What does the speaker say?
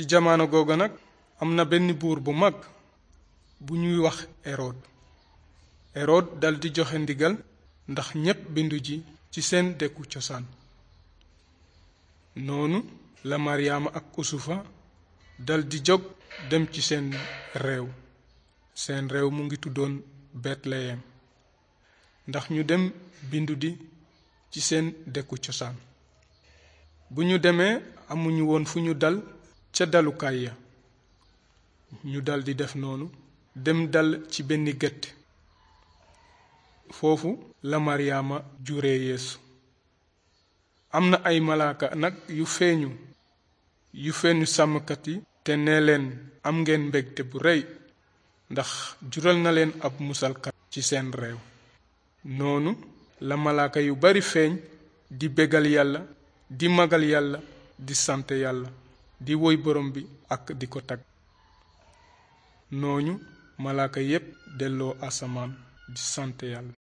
ci jamono googa nag am na benn buur bu mag bu ñuy wax Hérode Hérode daldi joxe ndigal ndax ñépp bindu ji ci seen dëkku cosaan noonu la Maryaama ak Usufa daldi jóg dem ci seen réew seen réew mu ngi tuddoon Betlehem ndax ñu dem bindu di ci seen dëkku cosaan bu ñu demee amuñu woon fu ñu dal ca dalukaay ya ñu daldi def noonu dem dal ci benn gëtt foofu la maryaama jure yeesu am na ay malaaka nag yu feeñu yu feeñu sàmmkat yi te nee leen am ngeen mbégte bu rëy ndax jural na leen ab musalkat ci seen réew noonu la malaaka yu bari feeñ di bégal yàlla di magal yàlla di sant yàlla di woy borom bi ak di ko tag nooñu malaaka yépp delloo asamaan sant yàlla